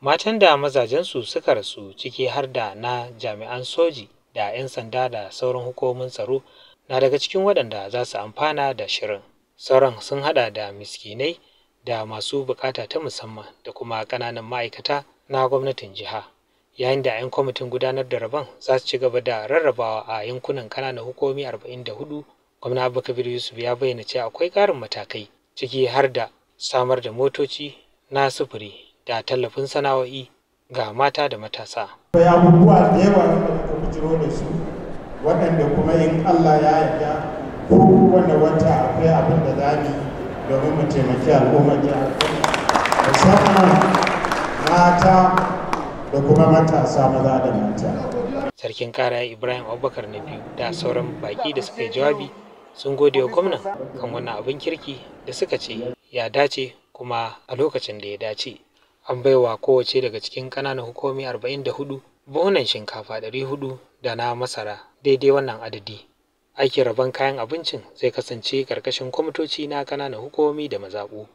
matan da mazajensu suka rasu ciki har da na jami'an soji da 'yan sanda da sauran hukumomin tsaro na daga cikin waɗanda za su amfana da shirin sauran sun hada da miskinai da masu bukata ta musamman da kuma ƙananan ma'aikata na gwamnatin jiha yayin da 'yan kwamitin gudanar da rabon za su ci gaba da rarrabawa a yankunan ƙananan hukumi 44 gwamna abubakar yusuf ya bayyana cewa akwai ƙarin matakai ciki har da samar da motoci na sufuri da tallafin sana'o'i ga mata da matasa. Akwai abubuwa da yawa da da su waɗanda kuma in Allah ya yarda ko wanda wata akwai abin da za mu domin mu taimaki al'ummar jihar musamman mata da kuma matasa maza da mata. Sarkin kara Ibrahim Abubakar na biyu da sauran baki da suka yi jawabi sun gode wa gwamnan kan wannan abin kirki da suka ce ya dace kuma a lokacin da ya dace. an baiwa kowace daga cikin ƙananan hukumomi arba'in da hudu buhunan shinkafa ɗari hudu da na masara daidai wannan adadi aikin rabon kayan abincin zai kasance ƙarƙashin kwamitoci na ƙananan hukumomi da mazaɓu